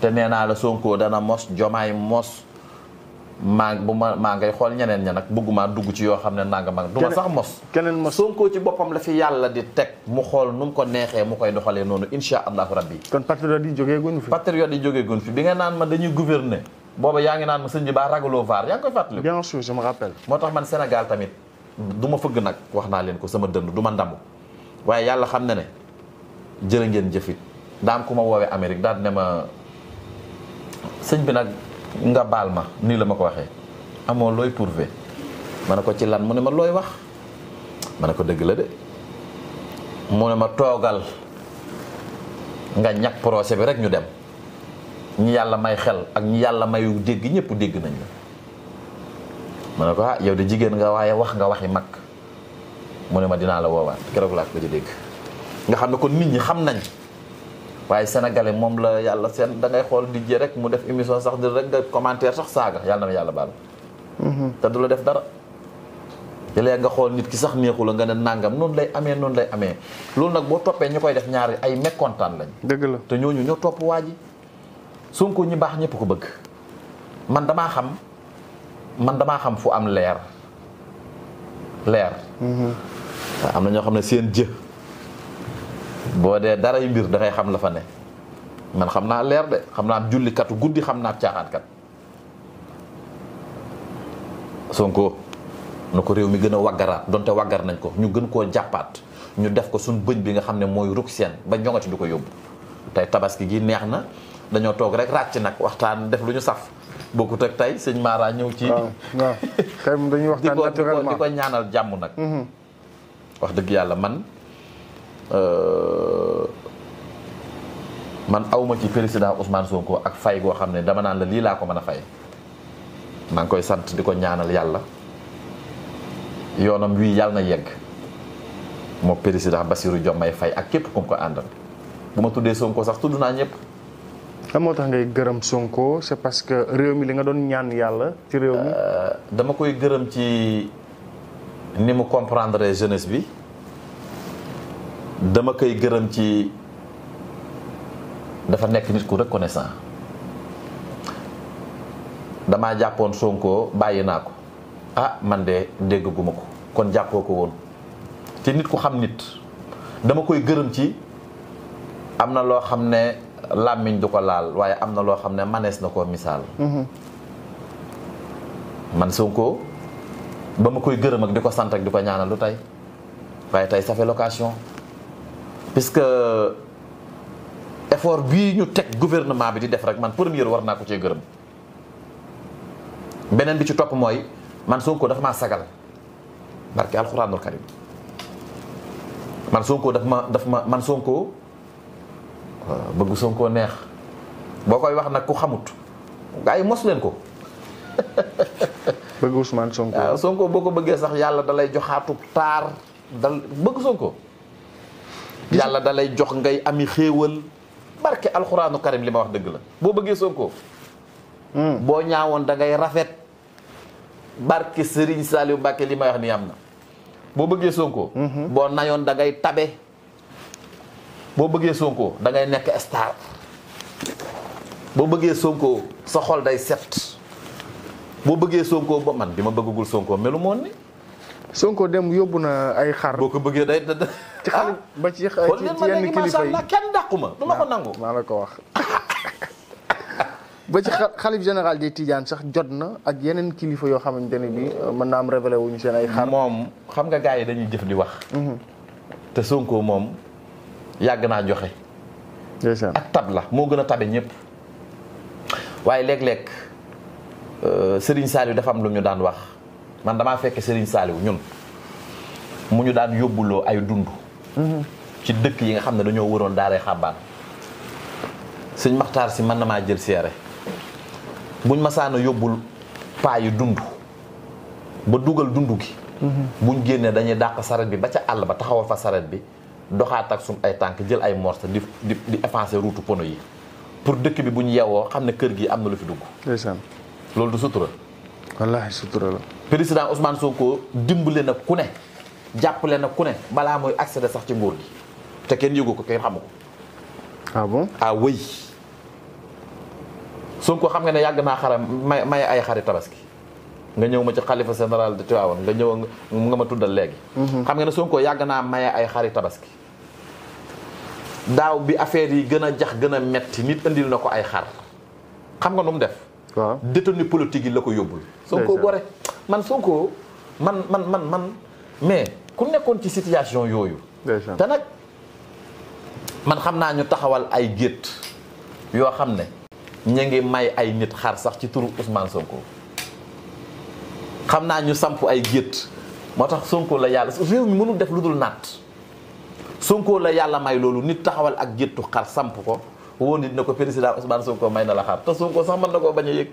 te nee naa la Sonko dana mos jomaay mos maa bu ma maa ngay xool ñeneen ña nag bëgguma dugg ci yoo xam ne nanga mag du ma sax mos keneen mos Sonko ci boppam la fi yàlla di teg mu xool nu mu ko neexee mu koy doxalee noonu insha allahu rabbi kon patriote yi jógee guñ fi patriote yi jógee guñ fi bi nga naan ma dañuy gouverner booba yaa ngi naan ma sëñ bi baa ragaloo vaar yaa ngi koy fàttali bien sûr je me moo tax man Sénégal tamit du ma fëgg nag wax naa leen ko sama dënn du ma ndamu waaye yàlla xam ne ne ngeen jëfit daam ku ma woowee Amérique daal ne ma sëñ bi nag nga baal ma nii la ma ko waxee amoo looy prouver ma ne ko ci lan mu ne ma looy wax ma ne ko dëgg la de mu ne ma toogal nga ñàkk procès bi rek ñu dem ñi yàlla may xel ak ñi yàlla mayu dégg ñëpp dégg nañu ma ne ko ah yow de jigéen nga waaye wax nga waxi mag mu ne ma dinaa la woowaat keroog laa ko ci dégg nga xam ne ko nit ñi xam nañ waaye sénégalais moom la yàlla seen dangay ngay xool DJ rek mu def émission sax di rek nga commentaire sax saaga yàlla na ma yàlla baal. Mhm. te du la def dara. léeg nga xool nit ki sax neexu la nga ne nàngam noonu lay amee noonu lay amee loolu nag boo toppee ñu koy def ñaari ay mékontaan lañ. dëgg la te ñooñu ñoo topp waa ji Sonko ñi baax ñëpp ko bëgg man damaa xam man damaa xam fu am leer leer. Mhm. am na ñoo xam ne seen jë. boo dee dara yu mbir da xam la fa ne man xam naa leer de xam naa jullikatu guddi xam naa caaxaankat Sonko na ko réew mi gën a waggaraat donte waggar nañ ko ñu gën koo jàppaat ñu def ko suñ bëñ bi nga xam ne mooy ruk seen ba ñoŋati du ko yóbbu tey tabaski gi neex na dañoo toog rek ràcc nag waxtaan def lu ñu saf boo ko ak tey sëñ Mara ñëw ci. waaw waaw dañuy di ko ñaanal jàmm nag. Mm-hmm. wax dëgg yàlla man. Euh, man awma ci président Ousmane Sonko ak fay goo xam ne dama naan la lii laa ko mën a fay maa ngi koy sant di ko ñaanal yàlla yoonam wii yàlla na yegg moo président Bassirou jommay fay ak képp kum ko àndal bu ma tuddee Sonko sax tudd naa ñëpp. lan moo tax ngay gërëm Sonko c'est parce que réew mi li nga doon ñaan yàlla ci réew mi. Euh, dama koy gërëm ci ni mu comprendre jeunes bi. dama koy gërëm ci dafa nekk nit ku reconnaissant damaa jàppoon sunkoo bàyyi naa ko ah man de dégguma ko kon jàppoo ko woon te nit ku xam nit dama koy gërëm ci am na loo xam ne làmmiñ du ko laal waaye am na loo xam ne manees na koo misaal mm-hmm. man Sonko ba ma koy gërëm ak di ko sant ak di ko ñaanal lu tey waaye tey ça fait location puisque effort bii ñu teg gouvernement bi di def rek man première war naa ko cee gërëm beneen bi ci topp mooy man Sonko dafa ma sagal barke alxuraanul karim man Sonko daf ma daf ma man Sonko bëgg Sonko neex boo koy wax nag ku xamut gaa yi mos leen ko. bëgg Ousmane Sonko. Sonko boo ko bëggee sax yàlla dalay joxaatu taar dal bëgg Sonko. yàlla dalay jox ngay ami xéewal barke alxuraanu karim li ma wax dëgg la boo bëggee Sonko hmm. boo ñaawoon dangay rafet barke Serigne Saliou Mbacke li may wax ni am na boo bëggee Sonko hmm. boo nayoon da ngay tabe boo bëggee Sonko dangay nekk star boo bëggee Sonko sa xol day set boo bëggee Sonko ba man bi ma bëggagul Sonko melu moon ni Sonko dem yóbbu na ay xar. boo ko bëggee day ci xale ah, ba ci yenn kilifa yi kenn dàqu ko wax. ba ci xalif général des Tidiane sax jot na ak yeneen kilifa yoo xamante ne bii euh, mën naa am révélé wuñu seen ay xar. moom xam nga gars yi dañuy jëf di wax. Mhm. te Sonko moom yàgg naa joxe. ak tab la moo gën a tabe ñëpp. waaye léeg-léeg euh, Serigne Saliou dafa am lu ñu daan wax. man damaa fekk Serigne Saliou ñun mu ñu daan yóbbuloo ay dund. Mhm. ci dëkk yi nga xam ne dañoo waroon daaree xàbbaan sëñ Maxtaar si man na maa jël seere buñ masaana yóbbul paa yi dund ba dugal dund gi. Mhm. buñ génnee dañuy dàq saret bi ba ca àll ba taxawal fa saret bi doxaat ak suñu ay tànk jël ay morsa di di di effacer route pono yi pour dëkk bi buñ yeewoo xam ne kër gi am na lu fi dugg. ndeysaan loolu du sutura. wallaahi sutura la. président Ousmane Sonko dimbale na ku jàpp jàppale na ku ne balaa mooy accéder sax ci nguur gi te kenn yëgu ko kenn xamu ko. ah bon ah Sonko xam nga ne yàgg naa xaram may may ay xari tabaski nga ñëw ma ci xalifa général de Tivaouane nga ñëw nga ma tuddal léegi. Mhm. xam nga ne Sonko yàgg naa maye ay xari tabaski. daaw bi affaire yi gën a jax gën a metti nit andil na ko ay xar xam nga nu mu def. waaw détenu yi la ko yóbbul. Sonko gore man Sonko man man man man mais ku nekkoon ci situation yooyu. te nag man xam naa ñu taxawal ay gétt yoo xam ne ñu ngi may ay nit xar sax ci turu Ousmane Sonko xam naa ñu samp ay gétt moo tax Sonko la yàlla réew mi mënul def lu dul naat Sonko la yàlla may loolu nit taxawal ak géttu xar samp ko woo nit ne ko président Ousmane Sonko may na la xar te Sonko sax mën na koo bañ a yëg.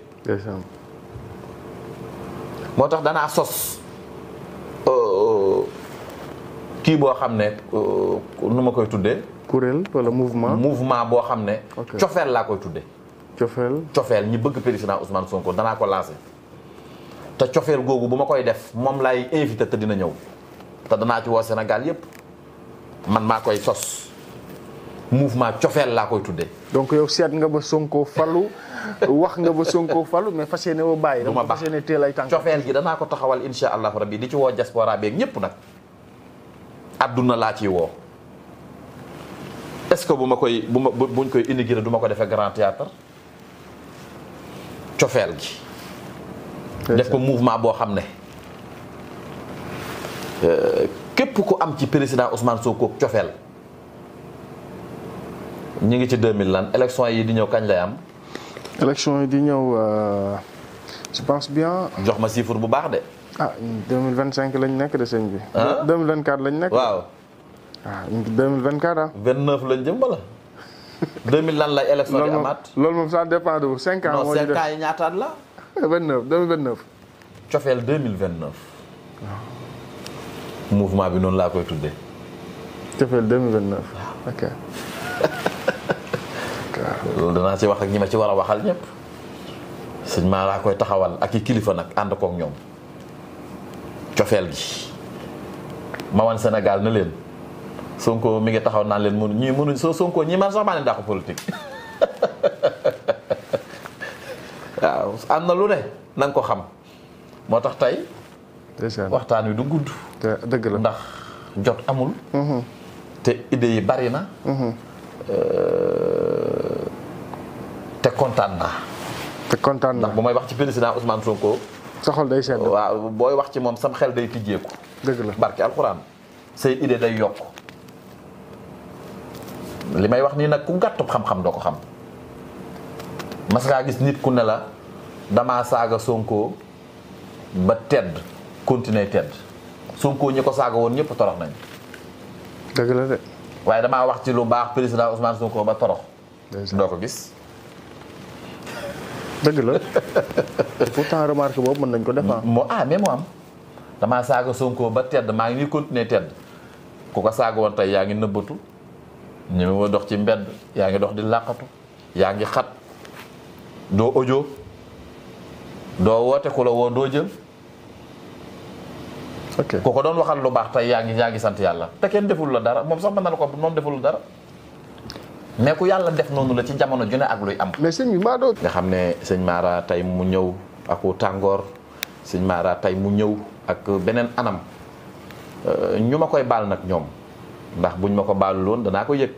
moo tax danaa sos euh, kii boo xam ne euh, nu ma koy tuddee. kuréel wala mouvement. mouvement boo xam ne. cofeel laa koy tuddee. cofeel cofeel ñi bëgg président Ousmane Sonko danaa ko lancé te cofeel googu bu ma koy def moom lay invité te dina ñëw te danaa ci woo Sénégal yépp man maa koy sos. mouvement cofeel laa koy tuddee. donc yow seet nga ba sonkoo falu wax nga ba Sonko falu mais fas yéene woo bàyyi. du ma baax fas yéene cofeel gi danaa ko taxawal insha allahu rabbi di ci woo diaspora beeg ñëpp nag. adduna laa ciy woo. est ce que bu ma koy bu ma buñ koy inaugurer duma ko defee grand théâtre cofeel gi. def ko mouvement boo xam ne. Euh, képp ku am ci président Ousmane Sonko cofeel. ñu ngi ci 2000 lan élection yi di ñëw kañ lay am. élection yi di ñëw euh, je pense bien. jox ma chiffre bu baax de. ah 2025 lañ nekk de sëñ bi. ah 2024 lañ nekk. waaw. ah 2024 ah. 29 lañ jëm bala. 2000 lan lay élection di amaat loolu moom ça dépend de 5 ans. moo ci def non 5 ans yi ñaataat la. 29 2029. cofeel 2029. waaw. Ah. mouvement bi noonu laa koy tuddee. cofeel 2029. waaw ok. loolu danaa ci wax ak ñi ma ci war a waxal ñëpp sëñ maa laa koy taxawal ak i kilifa nag ànd kook ñoom cofeel gi ma Sénégal na leen Sonko mi ngi taxaw naan leen mënu ñii mënuñ soo Sonko ñii man sax maa leen dàq politique waaw am na lu ne na ko xam moo tax tey waxtaan wi du gudd ndax jot amul mm-hmm. te idée yi bari na mm-hmm. euh, kontaan na te kontaan naa ndax bu may wax ci président Ousmane Sonko. sa xol day sedd. waaw booy wax ci moom sam xel day tijjeeku. dëgg la barke alxuraan say idée day yokk li may wax nii nag ku gàttub xam-xam doo ko xam mas ngaa gis nit ku ne la damaa saaga Sonko ba tedd continuer tedd Sonko ñi ko saaga woon ñëpp torox nañ dëgg la de. waaye damaa wax ci lu baax président Ousmane Sonko ba torox. doo ko gis. dëgg la pourtant remarque boobu mën nañ ko def moo ah moo ah, am damaa saaga Sonko ba tedd maa ngi nii continuer tedd ku ko saaga woon tey yaa ngi nëbbatu ñu dox ci mbedd yaa ngi dox di làqatu yaa ngi xat doo audio doo woote ku la woo doo jël ku ko doon waxal lu baax tey yaa ngi yaa ngi sant yàlla te kenn deful la dara moom sax ma nal ko moom deful la dara mais ku yàlla def noonu la ci jamono ju ne ak luy am. mais sëñ bi maa doon. nga xam ne sëñ Mara tey mu ñëw ak tàngoor sëñ Mara tey mu ñëw ak beneen anam euh, ñu ma koy baal nag ñoom ndax buñ ma ko baaluloon danaa ko yëg.